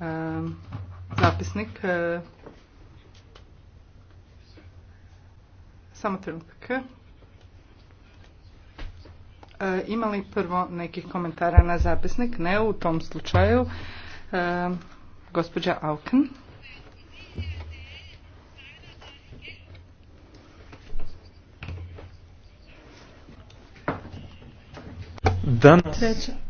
E, zapisnik. E, samo trenutak. E, ima li prvo nekih komentara na zapisnik? Ne, u tom slučaju. Gospođa Auken. Danas... Treća.